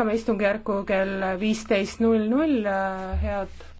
jätkame istungjärku kell viisteist null null, head